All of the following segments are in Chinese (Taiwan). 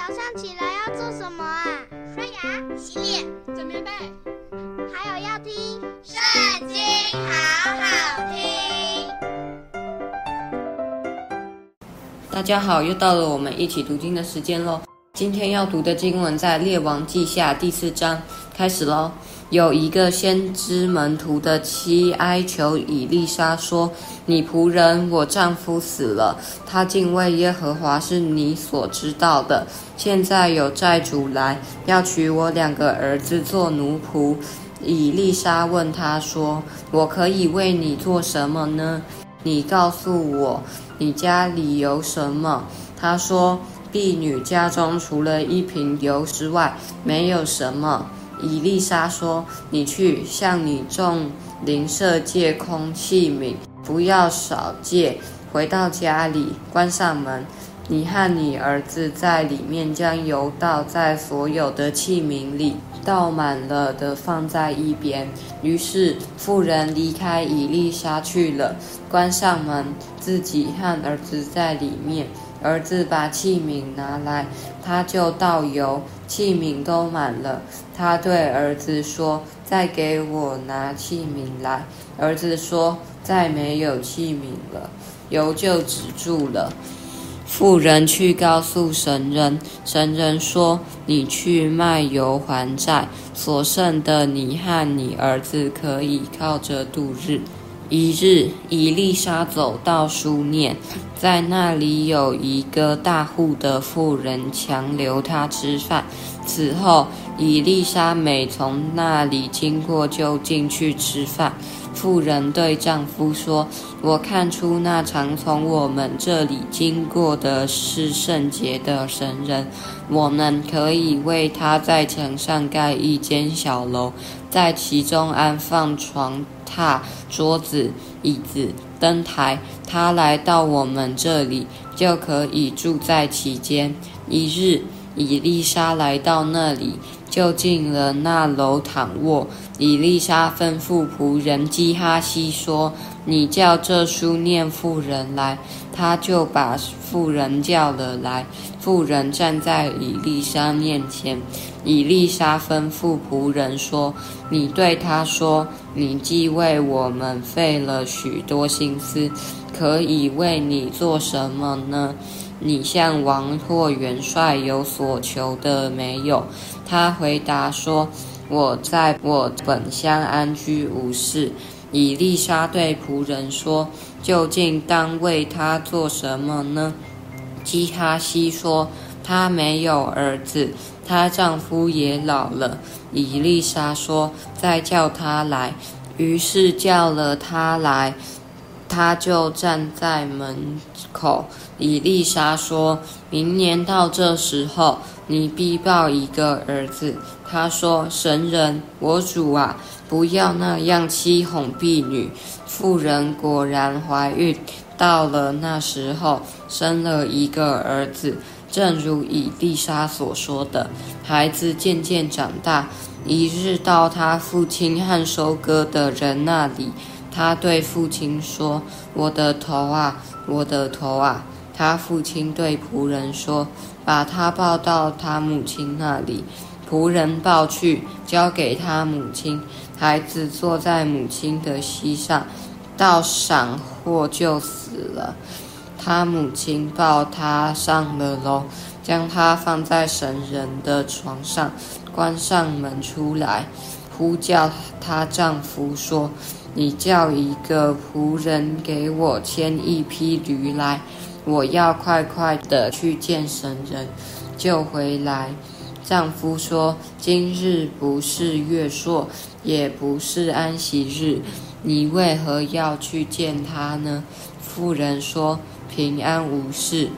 早上起來要做什麼啊？刷牙、洗臉、整棉被，還有要聽《聖經》，好好聽。大家好，又到了我們一起讀經的時間嘍。今天要讀的經文在《列王記下》第四章，開始嘍。有一個先知門徒的妻哀求以利沙說：“你僕人，我丈夫死了，他敬畏耶和華，是你所知道的。現在有債主來，要取我兩個兒子做奴僕。”以利沙問他說：“我可以為你做什麼呢？你告訴我，你家裡有什麼？”他說：“婢女家中除了一瓶油之外，沒有什麼。”以利沙說：“你去向你眾鄰舍借空器皿，不要少借。回到家裡，關上門，你和你兒子在裡面將油倒在所有的器皿裡，倒滿了的放在一邊。”於是婦人離開以利沙去了，關上門，自己和兒子在裡面。兒子把器皿拿來，他就倒油，器皿都滿了。他對兒子說：“再給我拿器皿來。”兒子說：“再沒有器皿了。”油就止住了。婦人去告訴神人，神人說：“你去賣油還債，所剩的你和你兒子可以靠着度日。”一日，以利沙走到書念，在那裡有一個大戶的婦人強留她吃飯。此後，以利沙每從那裡經過，就進去吃飯。婦人對丈夫說：“我看出那常從我們這裡經過的是聖潔的神人，我們可以為他在牆上蓋一間小樓，在其中安放床榻、桌子、椅子、燈臺。他來到我們這裡，就可以住在其間一日。”以利沙來到那裡，就進了那樓躺臥。以利沙吩咐僕人基哈西說：“你叫這書念婦人來。”他就把婦人叫了來。婦人站在以利沙面前。以利沙吩咐僕人說：“你對他說，你既為我們費了許多心思，可以為你做什麼呢？”你向王或元帥有所求的沒有？他回答說：“我在我本鄉安居無事。”以利沙對僕人說：“究竟當為他做什麼呢？”基哈西說：“他沒有兒子，她丈夫也老了。”以利沙說：“再叫他來。”於是叫了他來。她就站在門口。以利沙說：“明年到這時候，你必抱一個兒子。”她說：“神人，我主啊，不要那樣欺哄婢女。”婦人果然懷孕，到了那時候，生了一個兒子，正如以利沙所說的。孩子漸漸長大，一日到他父親和收割的人那裡。他對父親說：“我的頭啊，我的頭啊！”他父親對僕人說：“把他抱到他母親那裡。”僕人抱去，交給他母親。孩子坐在母親的膝上，到晌午就死了。他母親抱他上了樓，將他放在神人的床上，關上門出來，呼叫她丈夫說：你叫一個僕人給我牽一匹驢來，我要快快地去見神人，就回來。丈夫說：“今日不是月朔，也不是安息日，你為何要去見他呢？”婦人說：“平安無事。”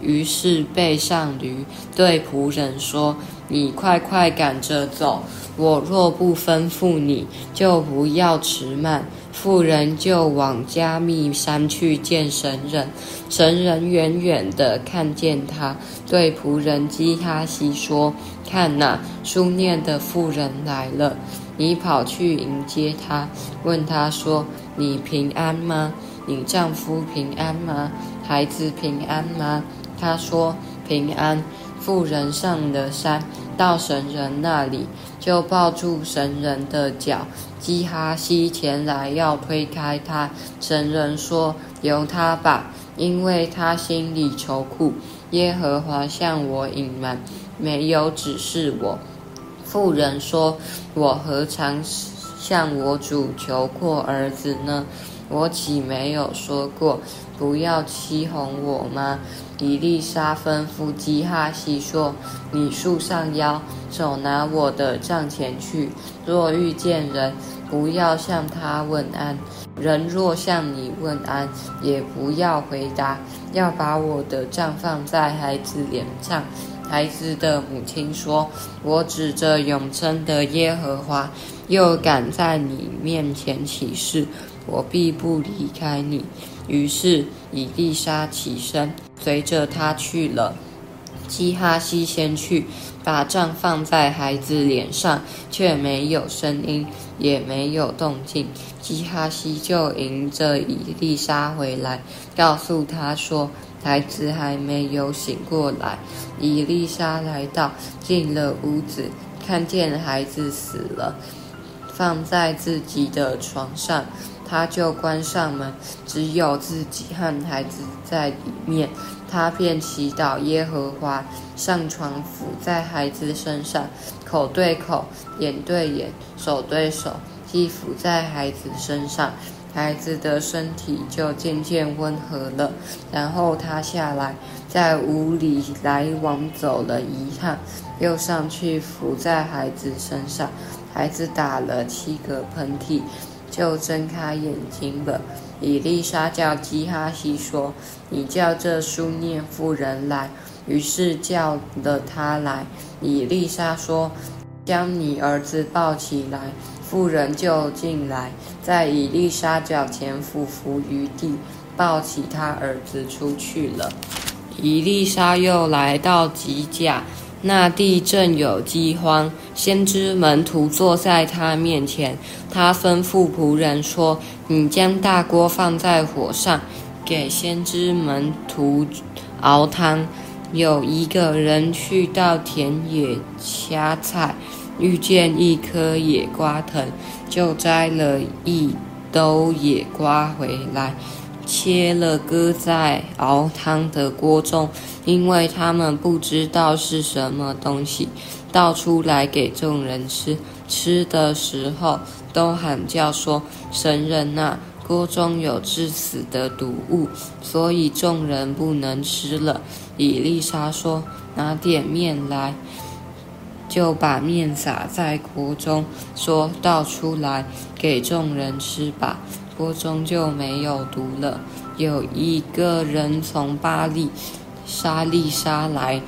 於是備上驢，對僕人說：“你快快趕着走，我若不吩咐你，就不要遲慢。”婦人就往迦密山去見神人。神人遠遠的看見他，對僕人基哈西說：“看哪、啊，書念的婦人來了，你跑去迎接他，問他說：你平安嗎？你丈夫平安嗎？孩子平安嗎？”他說：“平安。”婦人上了山，到神人那裡，就抱住神人的腳。基哈西前來要推開他，神人說：“由他吧，因為他心裡愁苦。”耶和華向我隱瞞，沒有指示我。婦人說：“我何嘗向我主求過兒子呢？”我豈沒有說過，不要欺哄我嗎？以利沙吩咐基哈西說：“你束上腰，手拿我的杖前去。若遇見人，不要向他問安；人若向你問安，也不要回答。要把我的杖放在孩子臉上。”孩子的母親說：“我指着永生的耶和華。”又敢在你面前起誓，我必不離開你。於是以利沙起身，隨着他去了。基哈西先去，把杖放在孩子臉上，卻沒有聲音，也沒有動靜。基哈西就迎着以利沙回來，告訴他說，孩子還沒有醒過來。以利沙來到，進了屋子，看見孩子死了。放在自己的床上，他就關上門，只有自己和孩子在裡面。他便祈禱耶和華，上床伏在孩子身上，口對口，眼對眼，手對手，既伏在孩子身上，孩子的身體就漸漸溫和了，然後他下來，在屋裡來往走了一趟，又上去伏在孩子身上。孩子打了七個噴嚏，就睜開眼睛了。以利沙叫基哈西說：“你叫這書念婦人來。”於是叫了她來。以利沙說：“將你兒子抱起來。”婦人就進來，在以利沙腳前俯伏於地，抱起她兒子出去了。以利沙又來到吉甲，那地正有饑荒。先知門徒坐在他面前，他吩咐僕人說：“你將大鍋放在火上，給先知門徒熬湯。”有一個人去到田野掐菜，遇見一棵野瓜藤，就摘了一兜野瓜回來。切了，擱在熬湯的鍋中，因為他們不知道是什麼東西，倒出來給眾人吃。吃的時候都喊叫說：“神人吶、啊，鍋中有致死的毒物，所以眾人不能吃了。”以利沙說：“拿點麵來，就把麵撒在鍋中，說倒出來給眾人吃吧。”鍋中就沒有毒了。有一個人從巴力‧沙利沙來，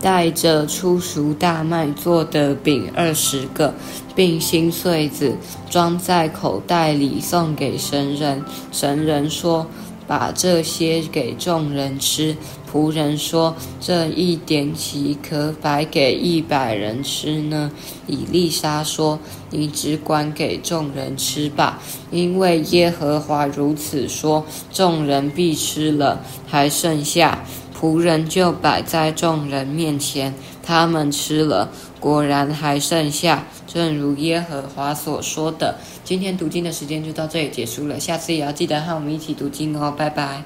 帶着初熟大麥做的餅二十個，並新穗子，裝在口袋裡，送給神人。神人說。把這些給眾人吃。僕人說：“這一點豈可擺給一百人吃呢？”以利沙說：“你只管給眾人吃吧，因為耶和華如此說，眾人必吃了，還剩下。”僕人就擺在眾人面前，他們吃了，果然還剩下，正如耶和華所說的。今天讀經的時間就到這裡結束了，下次也要記得和我們一起讀經哦，拜拜。